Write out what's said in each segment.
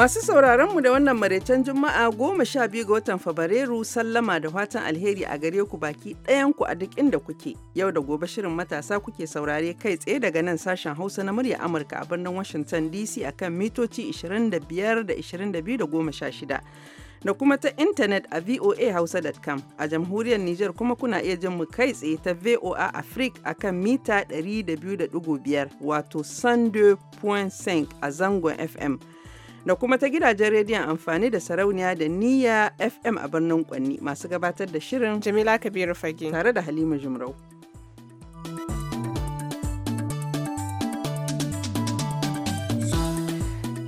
Masu sauraronmu da wannan maraicen Juma'a goma sha biyu ga watan Fabrairu sallama da fatan alheri a gare ku baki ɗayanku a duk inda kuke. Yau da gobe shirin matasa kuke saurare kai tsaye daga nan sashen Hausa na murya Amurka a birnin Washington DC akan mitoci 25 da 22 da goma sha shida. Da kuma ta intanet a voahausa.com a jamhuriyar Nijar kuma kuna iya jin mu kai tsaye ta VOA Africa akan mita 200.5 wato Sunday Point a zangon FM. da kuma ta gidajen rediyon amfani da sarauniya da niyya fm a birnin kwanni masu gabatar da shirin jamila kabiru fage tare da halima jimrau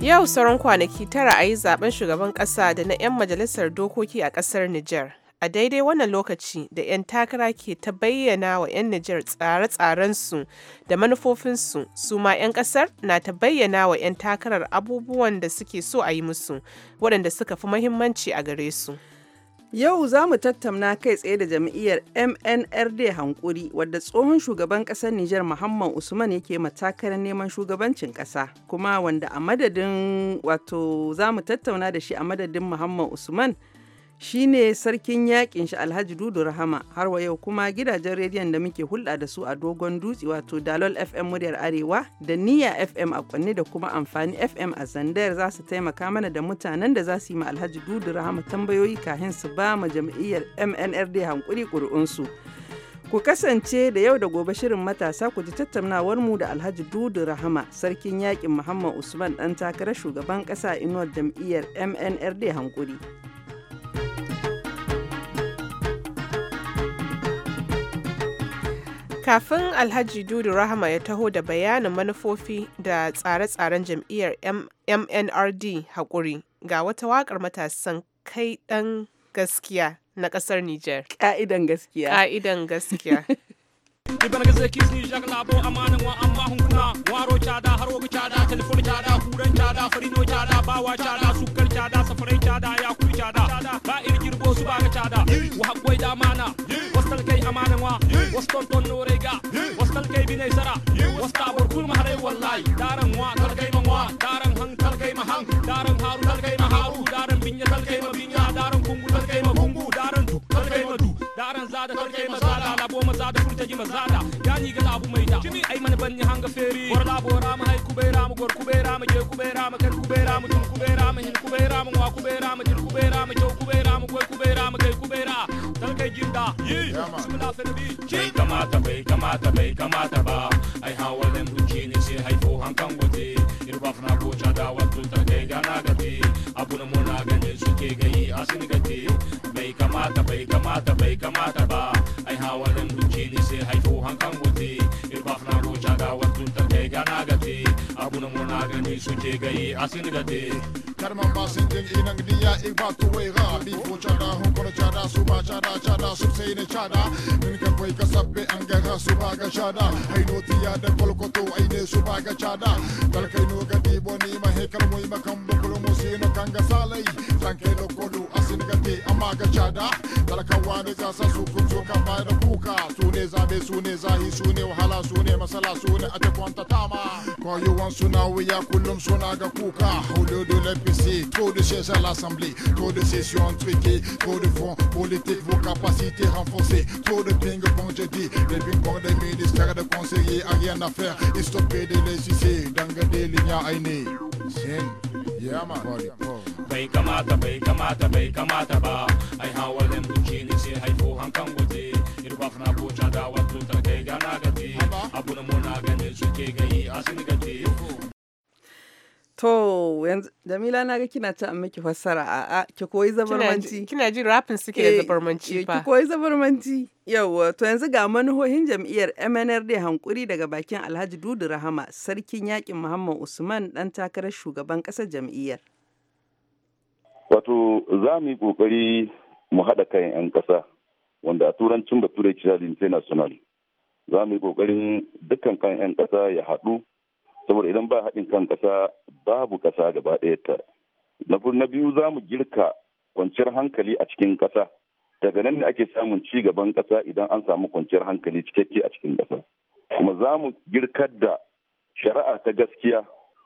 yau sauran kwanaki tara a yi zaben shugaban kasa da na 'yan majalisar dokoki a kasar niger a daidai wannan lokaci da 'yan takara ke ta bayyana wa 'yan Nijar tsare-tsarensu da manufofinsu su ma 'yan kasar na ta bayyana wa 'yan takarar abubuwan da suke so a yi musu waɗanda suka fi mahimmanci a gare su. Yau za mu tattauna kai tsaye da jam'iyyar MNRD hankuri wadda tsohon shugaban ƙasar Nijar Muhammad Usman yake matakarar neman shugabancin ƙasa kuma wanda a madadin wato za mu tattauna da shi a madadin Muhammad Usman. shine sarkin yakin shi alhaji dudu rahama har wa yau kuma gidajen rediyon da muke hulɗa da su a dogon dutse wato dalol fm muryar arewa da niyya fm a kwanne da kuma amfani fm a zandayar za su taimaka mana da mutanen da za su yi ma alhaji dudu rahama tambayoyi kahin su ba ma jam'iyyar mnrd hankuri ƙuri'unsu Ku kasance da yau da gobe shirin matasa ku ji tattaunawar mu da Alhaji Dudu Rahama, sarkin yakin Muhammad Usman dan takarar shugaban kasa inuwar jam'iyyar MNRD hankuri. Kafin Alhaji Dudu Rahama ya taho da bayanin manufofi da tsare-tsaren jam'iyyar MNRD haƙuri ga wata waƙar matasan kai ɗan gaskiya na ƙasar niger ƙa'idan gaskiya. Ka'idan gaskiya. iban gaza kis ni jag labo amanan wa amma hunkuna waro cada harogu chada, telefon chada, huran chada, farino chada, bawa chada, sukar chada, safarai cada yakul chada, ba ir girbo su ba ga cada wa hakkoi da amana wastal kai amanan wa waston ton nore ga wastal kai binai sara wasta bor kul mahare wallahi daran wa kal kai man wa daran han kal kai ma han daran haru kal kai ma haru daran binya kal kai ma binya daran kungu kal kai ma kungu daran tu kal kai ma tu daran zada kal kai ma zada kurta jima zada hanga feri bora kubera gor kubera je kubera kubera tun kubera hin kubera wa kubera jir kubera kubera kubera kubera jinda yi bismillah kamata kamata kamata ba chada wa tun ta gana gati mona suke asin gati kamata kamata gai su asin gade karma ba sin inang dia ba bi fo chada hu chada suba chada chada sub ne chada min koi ka anga suba ga chada ai no kol ko to ai ne suba ga chada dal kai kaga chada talakawa ne za sa su kunzo ka bayar da kuka su ne zabe su ne zahi su ne wahala su ne masala su ne ake kwanta tama suna wuya kullum suna ga kuka haudu de l'EPC trop de sièges à l'assemblée trop de sessions truquées trop de fonds politiques vos capacités renforcées trop de ping-pong je dis les ping-pong des ministères de conseillers a rien à faire et stopper de les sucer danga de linya Yeah, man. Body. Baika mata, baika mata, baika mata ba. Ai hawa lem tu si hai po hang kang wote. Iru bafna bu chada wa tu ta ke ganagati. Abuna monagane su ke gai asin gati. To, yanzu Jamila na ga kina ta miki fassara a a ki koyi zabarmanci. Kina ji rapin suke da eh, zabarmanci eh, fa. Ki koyi zabarmanci. Yawwa, to yanzu ga manuhohin jam'iyyar MNRD hankuri daga bakin Alhaji Dudu Rahama, sarkin yakin Muhammad Usman dan takarar shugaban ƙasar jam'iyyar. Wato za mu yi ƙoƙari mu haɗa kayan 'yan ƙasa wanda a turancin bature kira international. Za mu yi ƙoƙarin dukkan kayan 'yan ƙasa ya haɗu saboda idan ba haɗin kan ƙasa babu ƙasa gaba ta na biyu za mu girka kwanciyar hankali a cikin ƙasa daga nan ne ake samun ci gaban ƙasa idan an samu kwanciyar hankali cikakke a cikin ƙasa kuma za mu girkar da shari'a ta gaskiya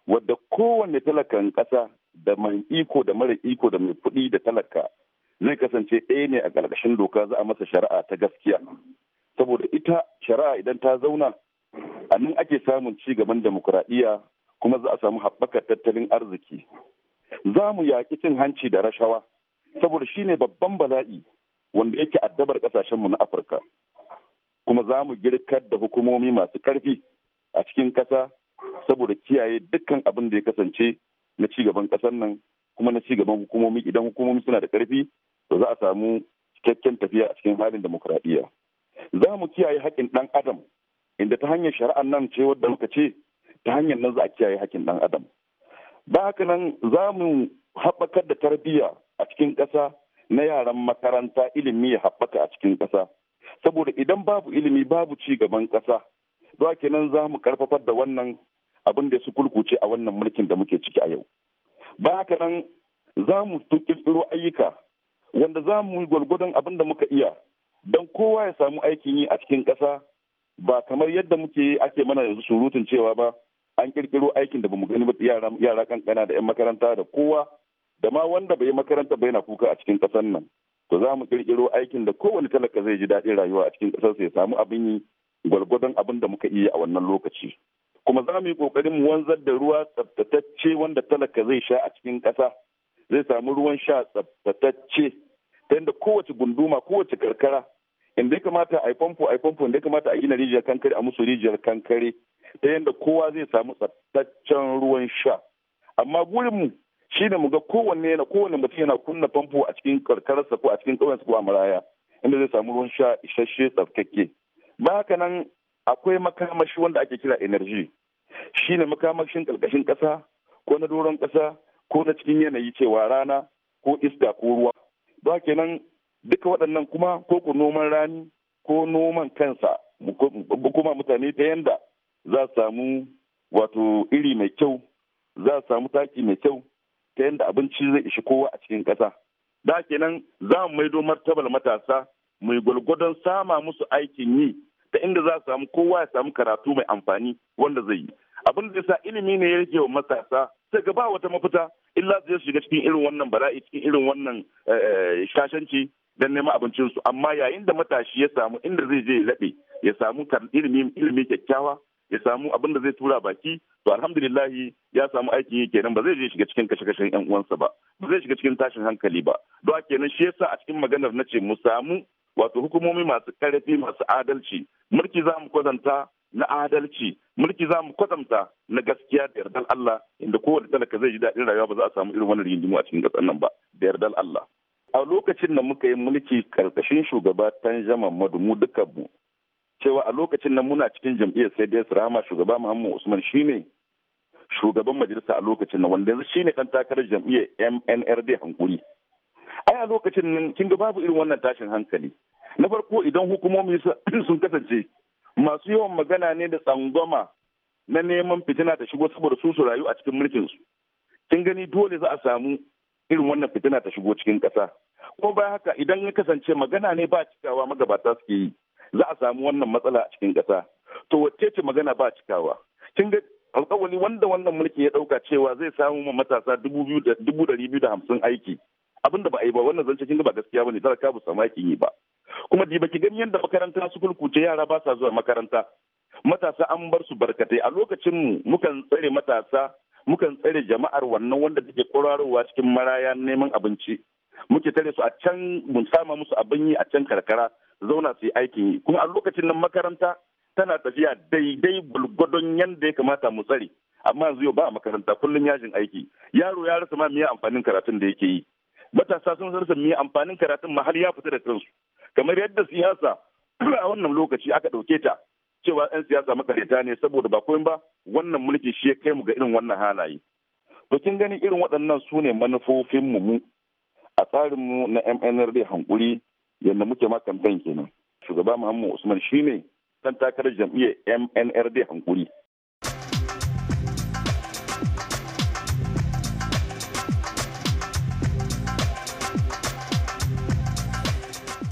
wadda kowanne talakan ƙasa da mai iko da mara iko da mai kuɗi da talaka zai kasance ɗaya ne a ƙarƙashin doka za a masa shari'a ta gaskiya saboda ita shari'a idan ta zauna a nan ake samun ci gaban demokuraɗiyya kuma za a samu haɓakar tattalin arziki za mu yaƙi cin hanci da rashawa saboda shine babban bala'i wanda yake addabar ƙasashenmu na afirka kuma za mu girkar da hukumomi masu ƙarfi a cikin ƙasa saboda kiyaye dukkan abin da ya kasance na ci gaban ƙasar nan kuma na ci gaban hukumomi idan hukumomi suna da ƙarfi to za a samu cikakken tafiya a cikin halin demokuraɗiyya za mu kiyaye haƙƙin ɗan adam inda ta hanyar shari'ar nan ce wadda muka ce ta hanyar nan za a kiyaye hakkin ɗan adam ba haka nan za mu haɓakar da tarbiyya a cikin ƙasa na yaran makaranta ilimi ya haɓaka a cikin ƙasa saboda idan babu ilimi babu ci gaban ƙasa don kenan za mu karfafar da wannan abin da su kulkuce a wannan mulkin da muke ciki a yau ba haka nan za mu kirkiro ayyuka wanda za mu yi gwalgwadon abin da muka iya don kowa ya samu aikin yi a cikin ƙasa ba kamar yadda muke ake mana yanzu surutun cewa ba an kirkiro aikin da bamu gani ba yara yara kankana da yan makaranta da kowa da ma wanda bai makaranta bai na kuka a cikin ƙasar nan to za mu kirkiro aikin da kowane talaka zai ji daɗin rayuwa a cikin ƙasar ya samu abin yi gwargwadon abin da muka iya a wannan lokaci kuma za mu yi ƙoƙarin mu wanzar da ruwa tsaftatacce wanda talaka zai sha a cikin ƙasa zai samu ruwan sha tsaftatacce ta yadda kowace gunduma kowace karkara In dai kamata a yi famfo a yi famfo in dai kamata a gina rijiyar kankare a musu rijiyar kankare ta yadda kowa zai samu tsattaccen ruwan sha amma gurinmu shi ne mu ga kowanne yana kowanne mutum yana kunna famfo a cikin karkararsa ko a cikin ƙauyensa ko a maraya inda zai samu ruwan sha isasshe tsarkake ba haka nan akwai makamashi wanda ake kira energy shi ne makamashin ƙarƙashin ƙasa ko na doron ƙasa ko na cikin yanayi cewa rana ko iska ko ruwa ba kenan duka waɗannan kuma ko noman rani ko noman kansa kuma mutane ta yanda za samu wato iri mai kyau za samu taki mai kyau ta yanda abinci zai ishi kowa a cikin ƙasa da kenan za mu maido martabar matasa mai gwalgwadon sama musu aikin yi ta inda za samu kowa ya samu karatu mai amfani wanda zai yi abin da sa ilimi ne ya rage wa matasa sai ga ba wata mafita illa zai shiga cikin irin wannan bala'i cikin irin wannan eh, eh, shashanci don neman abincinsu amma yayin da matashi ya samu inda zai je ya laɓe ya samu ilimi ilimi kyakkyawa ya samu abin da zai tura baki to alhamdulillah ya samu aiki yi kenan ba zai je shiga cikin kashe-kashen yan uwansa ba ba zai shiga cikin tashin hankali ba don a kenan shi yasa a cikin maganar na ce mu samu wato hukumomi masu karfi masu adalci mulki za mu kwatanta na adalci mulki za mu kwatanta na gaskiya da yardar Allah inda kowane talaka zai ji daɗin rayuwa ba za a samu irin wani rigingimu a cikin ƙasar nan ba da yardar Allah a lokacin da muka yi mulki karkashin shugaba tanjaman madu mu dukkanmu cewa a lokacin nan muna cikin jam'iyyar sai dai rama shugaba muhammad usman shine shugaban majalisa a lokacin nan wanda yanzu shine kan takarar jam'iyyar mnrd hankuri ai a lokacin nan kin ga babu irin wannan tashin hankali na farko idan hukumomi sun kasance masu yawan magana ne da tsangwama na neman fitina ta shigo saboda su su rayu a cikin mulkinsu kin gani dole za a samu irin wannan fitina ta shigo cikin ƙasa kuma bayan haka idan ya kasance magana ne ba cikawa magabata suke yi za a samu wannan matsala a cikin ƙasa to wacce ce magana ba cikawa kin ga alƙawari wanda wannan mulki ya ɗauka cewa zai samu ma matasa dubu ɗari biyu da hamsin aiki abin da ba a yi ba wannan zance kin ga ba gaskiya ne talaka ba samu aikin yi ba kuma di baki gani yadda makaranta su kulkuce yara ba sa zuwa makaranta matasa an bar su barkatai a lokacin mu mukan tsare matasa mukan tsare jama'ar wannan wanda take kwararowa cikin maraya neman abinci muke tare su a can mun sama musu abin yi a can karkara zauna su yi aikin yi kuma a lokacin nan makaranta tana tafiya daidai gulgwadon yadda ya kamata mu tsare amma yanzu yau ba a makaranta kullum yajin aiki yaro ya rasa ma me amfanin karatun da yake yi matasa sun rasa me amfanin karatun ma har ya fita da kansu kamar yadda siyasa a wannan lokaci aka dauke ta cewa 'yan siyasa makareta ne saboda ba koyin ba wannan mulki shi ya kai mu ga irin wannan halaye to kin gani irin waɗannan su ne manufofinmu mu a mu na mnrd hankuri yadda muke ma kamfen kenan shugaba muhammadu usman shine kan takarar jam'iyyar mnrd hankuri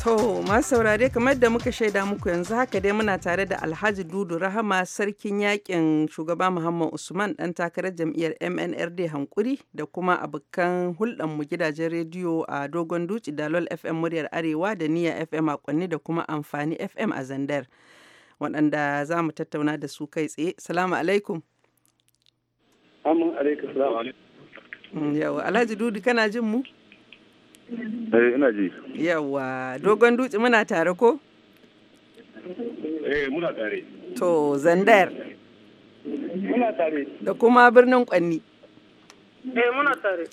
To, masu saurare kamar da muka shaida muku yanzu haka dai muna tare da Alhaji Dudu Rahama sarkin yakin shugaba Muhammad Usman dan takarar jam'iyyar MNRD Hankuri da kuma abokan hulɗan mu gidajen rediyo a Dogon Duci Dalol FM muryar Arewa da Niyya FM a Kwanni da kuma Amfani FM a Zandar. Waɗanda za mu tattauna da su kai tsaye. Salamu alaikum. Amin alaikum. Salamu alaikum. Alhaji Dudu kana jin mu? Eh ina ji. Yawa dogon dutse muna tare ko? Eh muna tare. To zandar. Muna tare. Da kuma birnin Kwanni. Eh muna tare.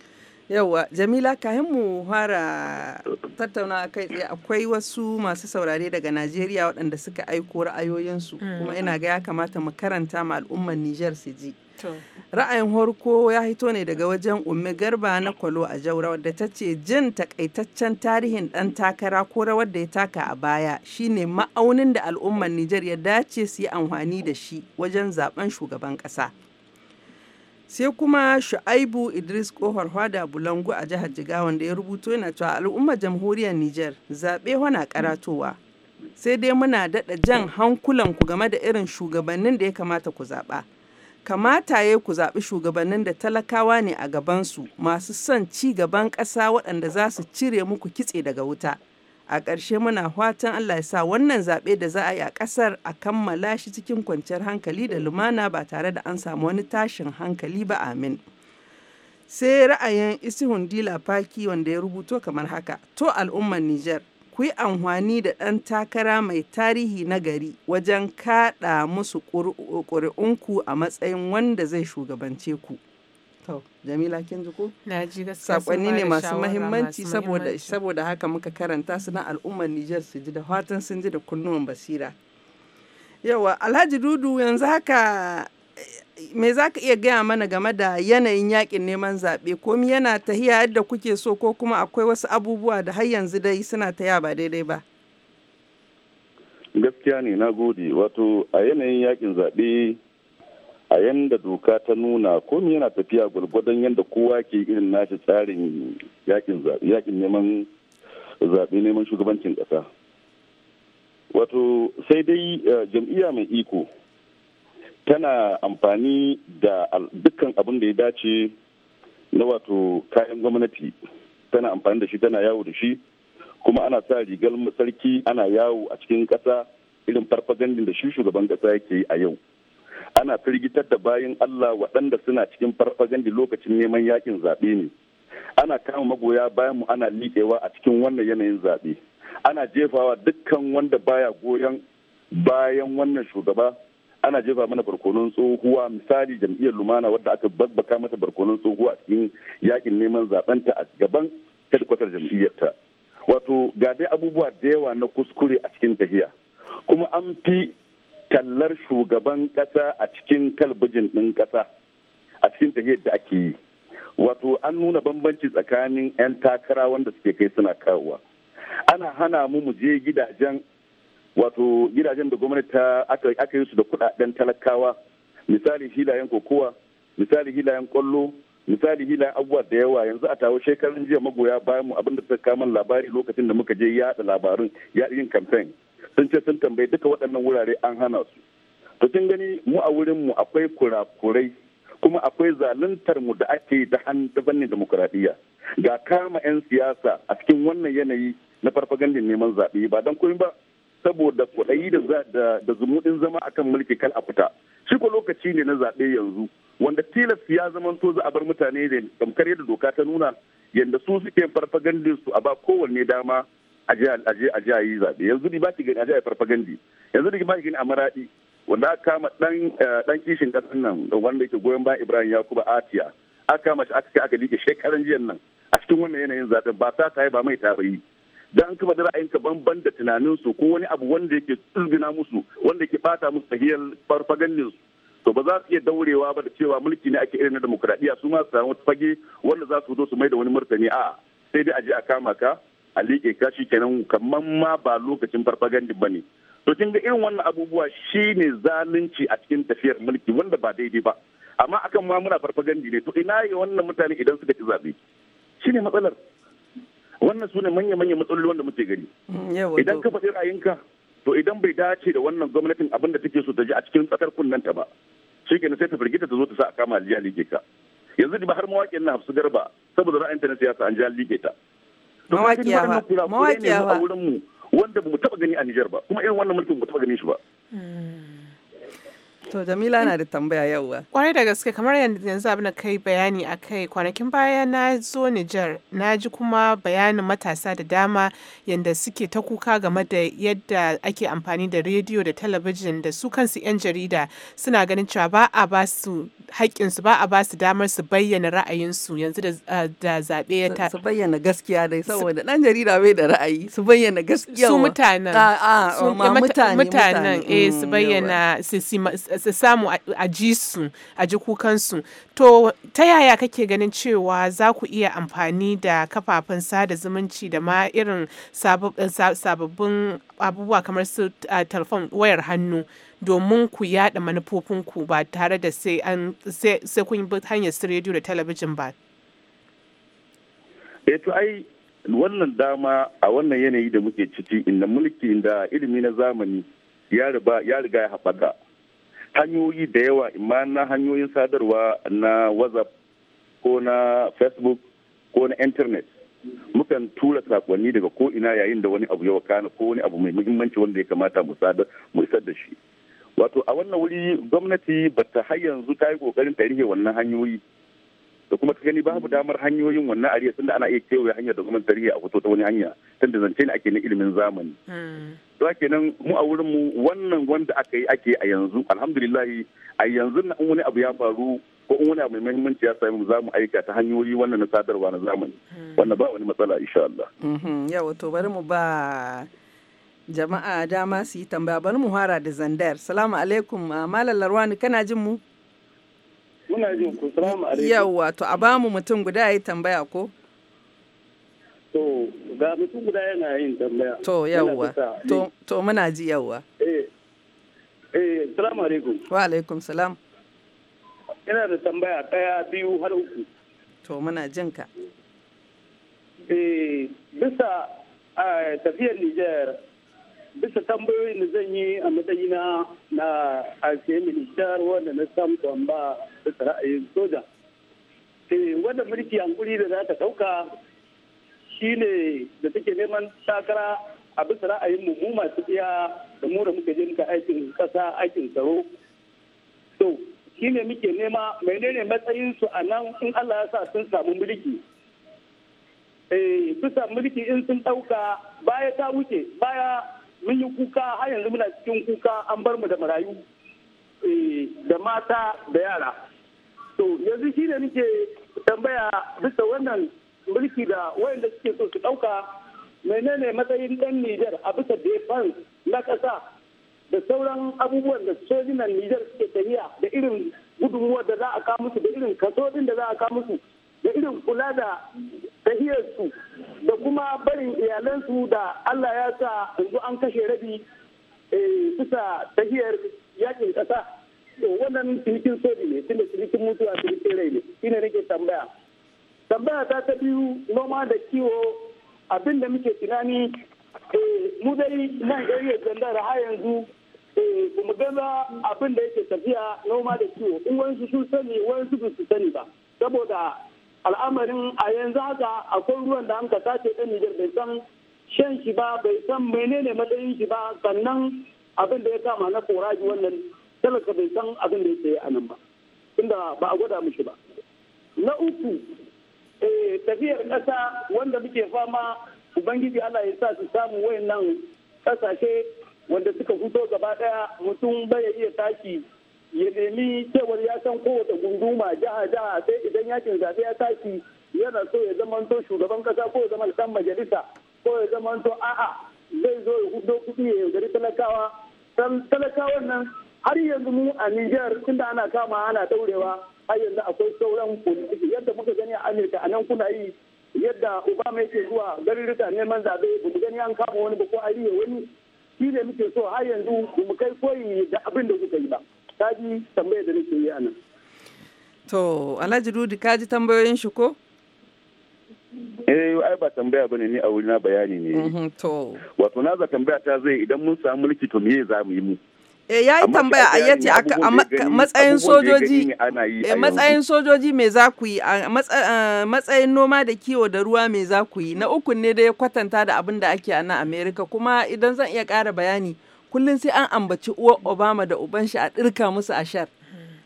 Yawa Jamila kayan mu fara tattauna kai tsaye akwai wasu masu saurare daga Najeriya waɗanda suka aiko ra'ayoyinsu mm. kuma ina ga ya kamata mu karanta ma al'ummar Nijar su ji. Ra'ayin horko ya hito ne daga wajen umme Garba na Kwalo a Jaura wadda ta ce jin takaitaccen tarihin ɗan takara ko rawar da ya taka a baya shine ma'aunin da al'ummar Nijar ya dace su yi amfani da shi wajen zaben shugaban ƙasa. sai kuma shu'aibu idris Kofar Hwada bulangu a jihar jigawan wanda ya rubuto yana cewa al'ummar jamhuriyar nijar zaɓe wana karatowa sai dai muna daɗa jan hankulanku game da irin shugabannin da ya kamata ku zaɓa kamata ya ku zaɓi shugabannin da talakawa ne a gabansu masu son ci gaban ƙasa waɗanda za su cire muku kitse daga wuta. A ƙarshe muna fatan Allah ya sa wannan zaɓe da za a yi a ƙasar a kammala shi cikin kwanciyar hankali da lumana ba tare da an samu wani tashin hankali ba amin. Sai ra'ayin Isihun Dila Faki wanda ya rubuto kamar haka, to al'ummar Nijar, ku yi amfani da ɗan takara mai tarihi na gari wajen kaɗa musu ƙuri'unku a matsayin wanda zai shugabance ku. To, Jamila kin Na ji gaskiya Sakonni ne masu mahimmanci saboda haka muka karanta su na al'ummar Nijar su ji da fatan sun ji da kunnuwan basira. Yawa Alhaji Dudu yanzu haka me za ka iya gaya mana game da yanayin yakin neman zaɓe komi yana tahiya yadda kuke so ko kuma akwai wasu abubuwa da har yanzu dai suna taya ba daidai ba gaskiya ne na gode wato a yanayin yakin zaɓe a yanda doka ta nuna komi yana tafiya gwargwadon yadda kowa ke irin nashi tsarin yakin neman zaɓe neman shugabancin ƙasa wato sai dai eh, jam'iyya mai iko tana amfani da dukkan abin da ya dace na wato kayan gwamnati tana amfani da shi tana yawo da shi kuma ana sa rigar sarki ana yawo a cikin ƙasa irin farfagandin da shi shugaban ƙasa yake yi a yau ana firgitar da bayan Allah waɗanda suna cikin farfagandi lokacin neman yakin zaɓe ne ana kama magoya bayan mu ana liƙewa a cikin wannan yanayin zaɓe ana jefawa dukkan wanda baya goyon bayan wannan shugaba ana jefa mana barkonon tsohuwa misali jam'iyyar lumana wadda aka babbaka mata barkonon tsohuwa a cikin yakin neman zaɓenta a gaban hedkwatar jam'iyyarta wato ga dai abubuwa da yawa na kuskure a cikin tafiya kuma an fi tallar shugaban ƙasa a cikin talbijin ɗin ƙasa a cikin tahiyar da ake yi wato an nuna bambanci tsakanin 'yan takara wanda suke kai suna kawowa ana hana mu mu je gidajen wato gidajen da gwamnati ta aka yi su da kudaden talakawa misali hilayen kokowa misali hilayen kwallo misali hilayen abubuwa da yawa yanzu a tawo shekarun jiya magoya bayan mu abinda suka kama labari lokacin da muka je yada labarin ya yin kamfen sun ce sun tambayi duka waɗannan wurare an hana su to kin gani mu a wurin mu akwai kurakurai kuma akwai zaluntar mu da ake ta fannin demokuraɗiyya ga kama 'yan siyasa a cikin wannan yanayi na farfagandin neman zaɓe ba don kuma ba saboda kuɗayi da zumuɗin zama akan mulki kal a fita shi ko lokaci ne na zaɓe yanzu wanda tilas ya zamanto za a bar mutane ne tamkar yadda doka ta nuna yanda su suke farfagandin su a ba kowanne dama a je a yi zaɓe yanzu ni ba ki gani a je a farfagandi yanzu ni ba ki gani a maraɗi wanda aka kama ɗan eh, kishin ƙasar nan wanda yake goyon ba ibrahim yakuba atiya aka kama shi aka kai aka liƙe shekaran jiyan nan a cikin wannan yanayin zaɓen ba ta ta yi ba mai ta yi dan kama da ra'ayinka banban da tunanin su ko wani abu wanda yake tsirgina musu wanda yake bata musu tahiyar farfagandin su to ba za su iya daurewa ba da cewa mulki ne ake irin na demokradiyya su ma su samu fage wanda za su zo su mai da wani martani a sai dai a je a kama ka a liƙe ka shi kenan kamar ma ba lokacin farfagandin ba ne to kin ga irin wannan abubuwa shi ne zalunci a cikin tafiyar mulki wanda ba daidai ba amma akan ma muna farfagandi ne to ina yi wannan mutane idan suka ci zaɓe shine matsalar wannan su ne manya-manyan matsaloli wanda muke gani mm, idan ka faɗi ra'ayinka to idan bai dace da wannan gwamnatin abin da take so ta ji a cikin tsakar ta ba shi kenan sai ta firgita ta zo ta sa a kama aliya lige ka yanzu ba har mawaƙin na hafsu garba saboda ta na siyasa an ji an lige ta mawaƙiya ba mawaƙiya ba wanda ba mu taɓa gani a Nijar ba kuma irin wannan mulkin ba taɓa gani shi ba mm. To Jamila na da tambaya yauwa. Kwarai da gaske kamar yanzu abin da kai bayani a kai kwanakin baya na zo Nijar na ji kuma bayanin matasa da dama yadda suke ta kuka game da yadda ake amfani da rediyo da talabijin da su kansu 'yan jarida suna ganin cewa ba a ba su haƙƙinsu ba a ba su damar su bayyana ra'ayinsu yanzu da zaɓe ya ta. Su bayyana gaskiya dai saboda ɗan jarida bai da ra'ayi su bayyana gaskiya. Su mutanen. Su mutanen. Mutanen eh su mm, bayyana su samu a ji su a ji kukansu to ta yaya kake ganin cewa za ku iya amfani da kafafen sada zumunci da ma irin eh, sababbin abubuwa kamar su eh, telefon wayar hannu domin ku yada manufofinku ba tare da sai kun bi hanyar su rediyo da talabijin ba eh, wannan dama a wannan yanayi da muke ciki inda mulki da ilimi na zamani ya riga ya haɓaka hanyoyi da yawa imma na hanyoyin sadarwa na whatsapp ko na facebook ko na internet mukan tura sakonni daga ko ina yayin da wani abu ya wakana ko wani abu mai muhimmanci wanda ya kamata mu sadar mu isar da shi wato a wannan wuri gwamnati ba ta har yanzu ta yi kokarin ta rike wannan hanyoyi da kuma ta gani babu damar hanyoyin wannan ariya tunda ana iya kewaye hanyar da gwamnati ta rike a fito ta wani hanya tunda zance ne ake na ilimin zamani to kenan mu a wurin mu wannan wanda aka yi ake a yanzu alhamdulillah a yanzu na in wani abu ya faru ko in wani abu mai muhimmanci ya sami za mu aika ta hanyoyi wannan na sadarwa na zamani hmm. wannan ba wani matsala insha Allah hmm, yawa to bari mu ba jama'a dama su yi tambaya bari mu fara da zandar salamu alaikum ah, malam larwani kana jin mu muna jin ku salamu alaikum yawa to a bamu mutum guda yi tambaya ko To ga mutum guda yana yin tambaya. To yawwa. Eh. To muna ji yawwa. Eh. Eh, salamu alaikum. Wa alaikum salam. Ina da tambaya ɗaya biyu har uku. To muna jin ka. Eh, bisa a tafiyar Nijar bisa tambayoyin da zan yi a matsayina na asiyan Nijar wanda na samu tambaya bisa ra'ayin soja. Eh, wanda mulki hankuri da za ta ɗauka shine da take neman takara a bisa ra'ayin mu masu iya da mu da muka je muka aikin kasa aikin tsaro to shine muke nema menene matsayin su a nan in Allah ya sa sun samu mulki eh bisa mulki in sun ɗauka, baya ta wuce baya mun yi kuka har yanzu muna cikin kuka an bar mu da marayu eh, da mata da yara to yanzu ne muke tambaya bisa wannan mulki da wayanda suke so su ɗauka menene matsayin ɗan Nijar a bisa defense na kasa da sauran abubuwan da sojinan Nijar suke tafiya da irin gudunmuwar da za a kawo musu da irin kaso din da za a kawo musu da irin kula da tahiyarsu da kuma barin iyalansu da Allah ya sa yanzu an kashe rabi eh, bisa tahiyar yakin kasa wannan filikin soji ne tunda filikin mutuwa filikin rai ne shine nake tambaya tambaya ta ta biyu noma da kiwo abin da muke tunani eh, mu dai nan area da har yanzu eh, mu gaza abin da yake tafiya noma da kiwo in wasu su sani wasu ba su sani ba saboda al'amarin a yanzu haka akwai ruwan da hanka sace ɗan Nijar bai san shan shi ba bai san menene matsayin shi ba sannan abin da ya kama na koraji wannan talaka bai san abin da yake a nan ba tunda ba a gwada mishi ba na uku Eh, tafiyar ƙasa wanda muke fama ubangiji Allah ya sa su samu wayannan ƙasashe wanda suka fito gaba ɗaya mutum bai iya tashi ya nemi cewar ya san kowace gunduma jaha jaha sai idan yakin zaɓe ya tashi yana so ya zamanto shugaban ƙasa ko ya zama san majalisa ko ya zamanto a'a zai zo ya hudo kuɗi ya yaudari talakawa talakawan nan har yanzu mu a Nijar tunda ana kama ana ɗaurewa har yanzu akwai sauran politiki yadda muka gani a amurka a nan kuna yi yadda obama yake zuwa garirrika neman zaɓe ba mu gani an kama wani ba ko ya wani shi ne muke so har yanzu ba mu kai koyi da abin da kuka yi ba kaji tambayar da nake yi a nan. to alhaji rudi kaji tambayoyin shi ko. eh ai ba tambaya bane ni a wurina bayani ne. Mhm, to wato na za tambaya ta zai idan mun samu mulki to me za mu yi mu. Eh, ya yi tambaya a yace a eh, matsayin sojoji matsayin sojoji mai za ku yi matsayin noma da kiwo da ruwa mai za ku yi na uku ne da ya kwatanta da abin da ake a nan amerika kuma idan zan iya ƙara bayani kullum sai an ambaci uwar obama da uban shi a ɗirka musu a shar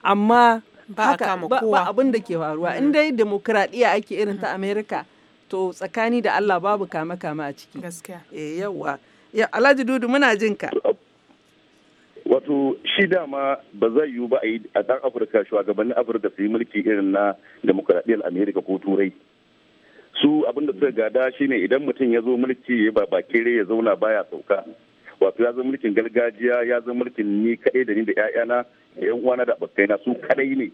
amma ba abin da ke faruwa in mm. dai demokradiyya ake irin ta mm-hmm. amerika to tsakani da allah babu kame kame a ciki gaskiya eh, Alhaji Dudu muna jin ka. wato shi dama ba zai yiwu ba a dan afirka shugabannin afirka su yi mulki irin na demokuraɗiyyar amerika ko turai su abin da suka gada shine idan mutum ya zo mulki ya ba baki ya zauna baya sauka wato ya zo mulkin gargajiya ya zo mulkin ni kaɗai da ni da ƴaƴana da ƴan uwana da abokaina su kaɗai ne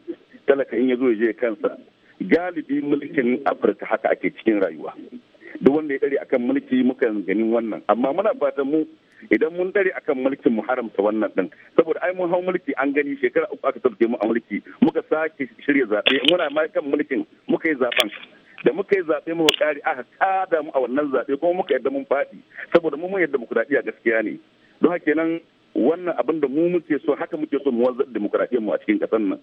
talaka in ya zo ya je kansa galibi mulkin afirka haka ake cikin rayuwa duk wanda ya ɗari akan mulki mukan ganin wannan amma muna fatan mu idan mun dare akan mulkin mu haramta wannan din saboda ai mun hau mulki an gani shekara uku aka sauke mu a mulki muka sake shirya zaɓe muna ma kan mulkin muka yi zaɓen da muka yi zaɓe muka kare aka kada mu a wannan zaɓe kuma muka yadda mun faɗi saboda mu mun yadda a gaskiya ne don haka kenan wannan abin da mu muke so haka muke so mu wanzar demokuraɗiyyar mu a cikin ƙasar nan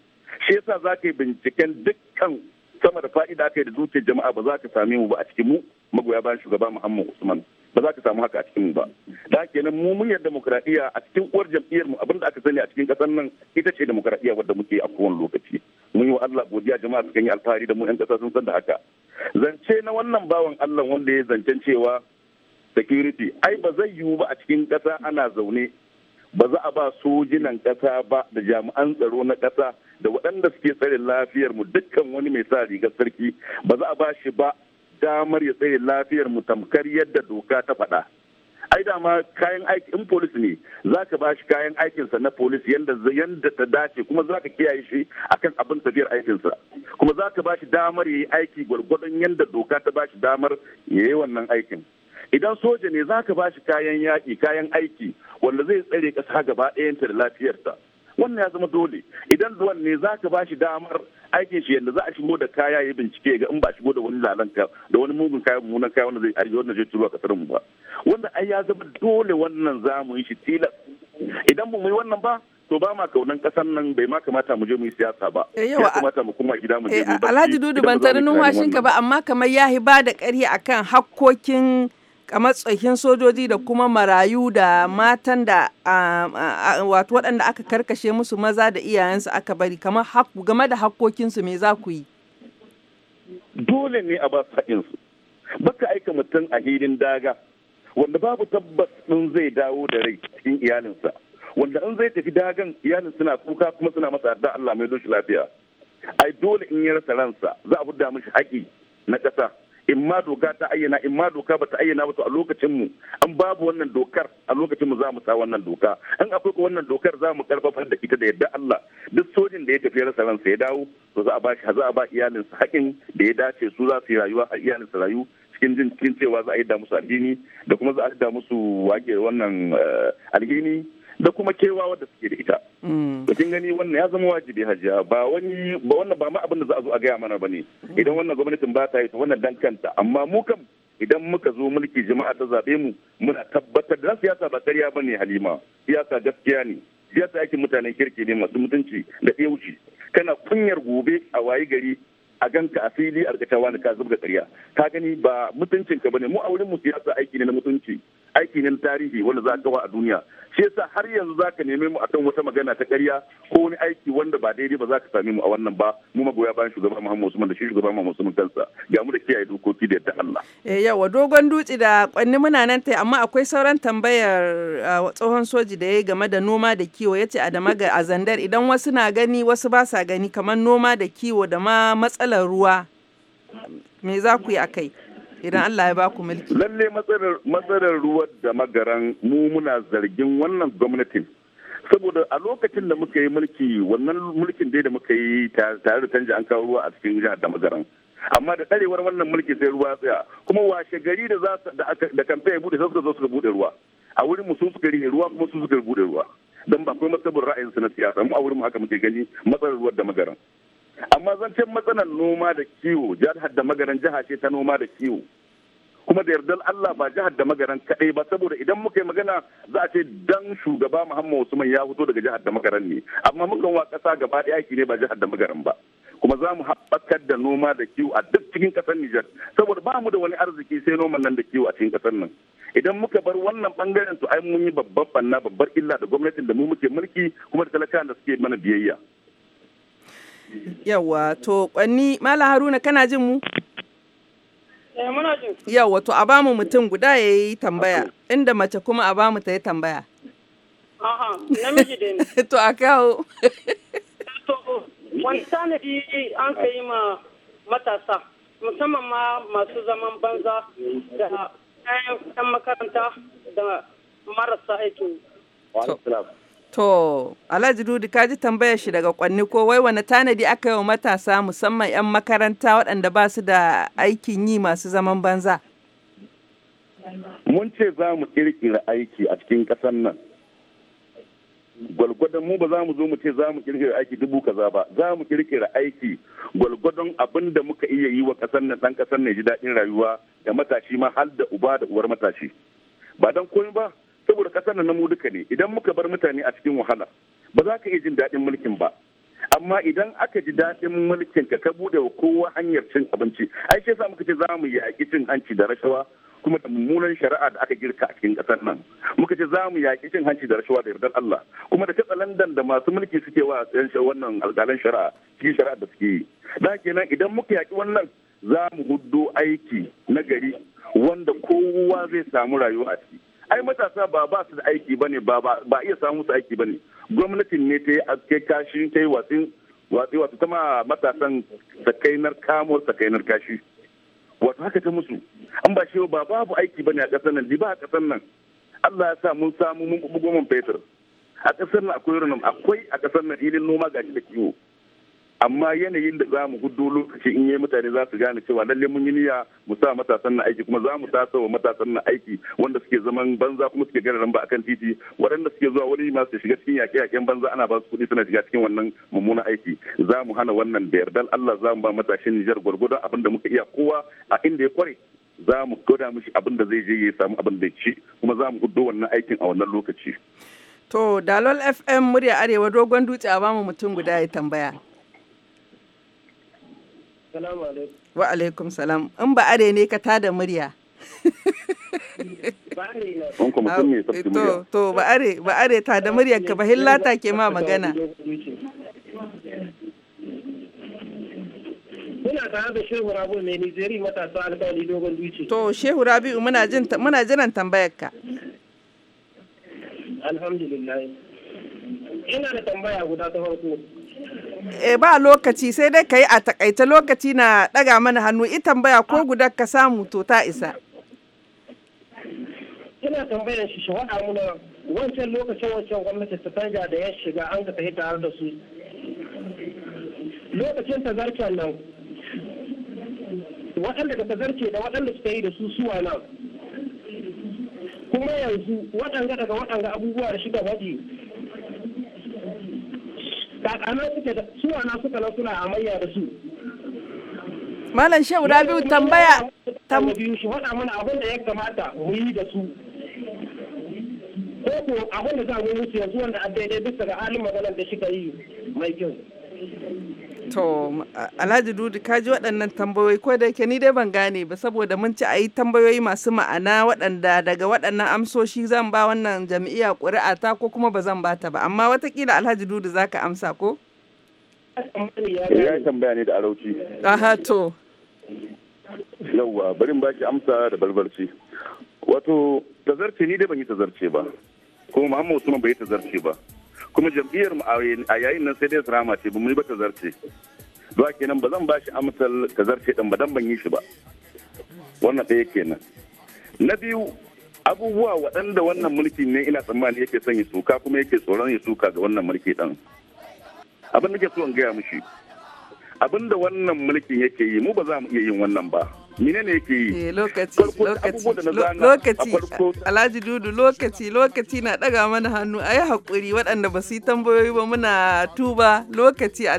shi yasa za ka yi binciken dukkan sama da fa'ida aka da zuciyar jama'a ba za ka same mu ba a cikin mu magoya bayan shugaba Muhammadu Usman. ba za ka samu haka a cikin ba da kenan mu munyar demokradiya a cikin uwar jam'iyyar mu abinda aka sani a cikin kasar nan ita ce demokradiya wadda muke a kowane lokaci mun yi wa Allah godiya jama'a su yi alfahari da mu yan kasa sun san da haka zance na wannan bawan Allah wanda ya zancen cewa security ai ba zai yiwu ba a cikin kasa ana zaune ba za a ba sojinan kasa ba da jami'an tsaro na kasa da waɗanda suke tsare lafiyar mu dukkan wani mai sa rigar sarki ba za a ba shi ba damar ya tsaye lafiyar mu tamkar yadda doka ta faɗa ai dama kayan aiki in polis ne za ka bashi kayan aikinsa na polis yanda yanda ta dace kuma za ka kiyaye shi akan abin tafiyar aikinsa kuma za ka bashi damar ya yi aiki gwargwadon yanda doka ta bashi damar ya yi wannan aikin idan soja ne za ka bashi kayan yaƙi kayan aiki wanda zai tsare ƙasa gaba ɗayanta da lafiyarta wannan ya zama dole idan zuwan ne za ka ba shi damar aikin shi yadda za a shigo da kaya ya bincike ga in ba shigo da wani zalan da wani mugun kaya mummunan kaya wanda zai aje wanda zai turo a kasar mu ba wanda ai ya zama dole wannan za mu yi shi tilas idan mu yi wannan ba to ba ma kaunan kasan nan bai ma kamata mu je mu yi siyasa ba eh, ya kamata mu kuma gida mu je mu eh, Alhaji Dudu ban tarin numfashin ka ba amma kamar ya ba da ƙarya akan hakkokin kamar tsohin sojoji da kuma marayu da matan da wato waɗanda aka karkashe musu maza da iyayensu aka bari kamar game da hakkokinsu me za ku yi dole ne a ba sa'insu baka aika mutum a hirin daga wanda babu tabbas ɗin zai dawo da rai cikin iyalinsa wanda in zai tafi dagan iyalin suna kuka kuma suna masa addu'a Allah mai doshi lafiya ai dole in ya rasa ransa za a buɗa mishi haƙi na ƙasa in ma doka ta ayyana in ma doka ba ta ayyana ba to a lokacin mu an babu wannan dokar a lokacin mu za mu sa wannan doka an akwai ko wannan dokar za mu karfafa da ita da yadda Allah duk sojin da ya tafi rasa ransa ya dawo to za a ba za a ba iyalinsa hakin da ya dace su za su yi rayuwa a iyalinsa rayu cikin jin cewa za a yi da musu addini da kuma za a yi da musu wage wannan eh, alhini da kuma kewa da suke da ita. Mm. To kin gani wannan ya zama wajibi hajiya ba wani ba wannan ba ma abin da za a zo a gaya mana ba ne idan wannan gwamnatin ba ta yi wannan dankanta. amma mu kam idan muka zo mulki jama'a ta zaɓe mu muna tabbatar da siyasa ba karya ba ne halima siyasa gaskiya ne siyasa yake mutanen kirki ne masu mutunci da ɗauki kana kunyar gobe a wayi gari a ganka a fili a rikata wani ka zubga ƙarya ka gani ba mutuncinka bane mu a wurin mu siyasa aiki ne na mutunci aiki ne na tarihi wanda za a kawo a duniya shi yasa har yanzu za ka neme mu akan wata magana ta karya ko wani aiki wanda ba daidai ba za ka same mu a wannan ba mu magoya bayan shugaban Muhammadu Usman da shi shugaban Muhammadu Usman kansa ga mu da kiyaye dokoki da yadda Allah eh yawa dogon dutse da kwanni muna nan ta amma akwai sauran tambayar tsohon soji da yayi game da noma da kiwo yace a ga azandar a zandar idan wasu na gani wasu ba sa gani kamar noma da kiwo da ma matsalar ruwa me za ku yi akai kai idan Allah ya baku mulki. Lalle matsalar ruwan da magaran mu muna zargin wannan gwamnatin. Saboda a lokacin da muka yi mulki wannan mulkin dai da muka yi tare da canja an kawo ruwa a cikin jihar da magaran. Amma da tsarewar wannan mulki sai ruwa tsaya kuma washe gari da za da kamfe ya bude sai suka zo suka bude ruwa. A wurin mu sun suka rike ruwa kuma sun suka bude ruwa. Dan ba kuma matsalar ra'ayin su na siyasa mu a wurin mu haka muke gani matsalar ruwa da magaran. amma zancen matsalar noma da kiwo jihar da magaran jiha ce ta noma da kiwo kuma da yardar Allah ba jihar da magaran kaɗai ba saboda idan muka yi magana za a ce dan shugaba Muhammadu Usman ya fito daga jihar da magaran ne amma mukan wa ƙasa gaba ɗaya aiki ne ba jihar da magaran ba kuma za mu haɓakar da noma da kiwo a duk cikin ƙasar Nijar saboda ba mu da wani arziki sai noman nan da kiwo a cikin ƙasar nan idan muka bar wannan bangaren to ai mun yi babban banna babbar illa da gwamnatin da mu muke mulki kuma da talakawan da suke mana biyayya Yawa to ƙwanni, Mala Haruna kana jin mu? Eh, Yawa to a bamu mutum guda ya yi tambaya inda mace kuma a bamu ta yi tambaya. Aha, namiji ne. To a kawo. To wani tanadi an ka yi ma matasa musamman ma masu zaman banza da 'yan makaranta da marasa aiki. To, Alhaji Dudu ka ji tambayar shi daga kwanni ko wai wani tanadi aka yi wa matasa musamman 'yan makaranta waɗanda ba su da aikin yi masu zaman banza? Mun ce za mu ƙirƙira aiki a cikin ƙasar nan. Gwalgwadon mu ba za mu zo mu ce za mu ƙirƙira aiki dubu kaza ba, za mu ƙirƙira aiki gwalgwadon abin da muka iya yi wa ƙasar nan ɗan ƙasar ya ji daɗin rayuwa da matashi ma har da uba da uwar matashi. Ba don komai ba, saboda kasar nan mu duka ne idan muka bar mutane a cikin wahala ba za ka iya jin daɗin mulkin ba amma idan aka ji daɗin mulkin ka ka bude wa kowa hanyar cin abinci ai sai sa muka ce za mu yaƙi cin hanci da rashawa kuma da mummunan shari'a da aka girka a cikin ƙasar nan muka ce za mu yaƙi cin hanci da rashawa da yardar Allah kuma da katsalandan da masu mulki suke wa wannan alƙalan shari'a cikin shari'a da suke yi da kenan idan muka yaƙi wannan za mu huddo aiki na gari wanda kowa zai samu rayuwa a ciki ai matasa ba ba su da aiki ba ne ba iya samu su aiki ba ne gwamnatin ne ta yi ake kashi ta yi watsi watsi ta ma matasan sakainar kamo sakainar kashi wato haka ta musu an ba shi ba babu aiki ba ne a ƙasar nan ba a ƙasar nan Allah ya sa mun samu mun bugo man fetur a ƙasar nan akwai akwai a ƙasar nan ilin noma gashi da kiwo amma yanayin da za mu hudu lokaci in yi mutane za su gane cewa lalle mun yi niyya mu sa matasan na aiki kuma za mu tasa wa matasan na aiki wanda suke zaman banza kuma suke gara ba akan titi waɗanda suke zuwa wani masu shiga cikin yaƙe-yaƙen banza ana ba su kuɗi suna shiga cikin wannan mummunan aiki za mu hana wannan da yardar Allah za mu ba matashin Nijar gwargwadon abin da muka iya kowa a inda ya kware za mu gwada mishi abin da zai je ya samu abin da ya ci kuma za mu hudu wannan aikin a wannan lokaci. To, Dalol FM murya Arewa dogon dutse a bamu mutum guda ya tambaya. alaikum. Wa alaikum salam. In ba are ne ka tada murya. To, to ba are, ba are ta da muryar ka ba hillata ke ma magana. Muna tare da Shehu Rabi'u mai Nijeri matasa alƙawari dogon duci. To, Shehu Rabi'u muna jin muna jiran tambayar ka. Alhamdulillah. Ina da tambaya guda ta farko. e, ba lokaci sai dai ka yi a takaita lokaci na ɗaga mana hannu ita tambaya ko ah. guda ka samu to ta isa. Ina tambayar shi shi muna wancan lokacin wancan gwamnati ta canja da ya shiga an ka tafi tare da su. Lokacin ta zarce nan waɗanda ka zarce da waɗanda suka yi da su suwa nan. Kuma yanzu waɗanga daga waɗanga abubuwa da shiga faɗi kakana suke su ana suka nan suna amayya da su Malam Shehu Rabiu tambaya tambayi shi faɗa mana abin da ya kamata mu yi da su koko abin da za mu yi yanzu wanda a daidai bisa ga halin maganar da shi ka yi mai kyau To, Alhaji Dudu, ka ji waɗannan tambayoyi ko da yake ni dai ban gane ba saboda mun ci a yi tambayoyi masu ma'ana waɗanda daga waɗannan amsoshi zan ba wannan jami'a ƙuri'a ta ko kuma ba zan ba ta ba. Amma watakila Alhaji Dudu za ka amsa ko? Ya eh, yi tambaya ne da arauci. Aha to. Yawwa, bari in baki amsa da balbarci. Wato, tazarce ni dai ban yi tazarce ba. Kuma Muhammadu Usman bai yi tazarce ba. kuma jam'iyyar mu a yayin nan sai dai rama ce ba mu yi ba ta zarce zuwa kenan ba zan ba shi amsar ta zarce din ba dan ban yi shi ba wannan ɗaya kenan na biyu abubuwa waɗanda wannan mulki ne ina tsammani yake son ya suka kuma yake tsoron ya suka ga wannan mulki ɗan abin da ke so in gaya mushi abin da wannan mulkin yake yi mu ba za mu iya yin wannan ba mine ne eh, lokaci lokaci lokaci alhaji dudu lokaci lokaci na daga mana hannu a yi haƙuri waɗanda ba su yi tambayoyi ba muna tuba lokaci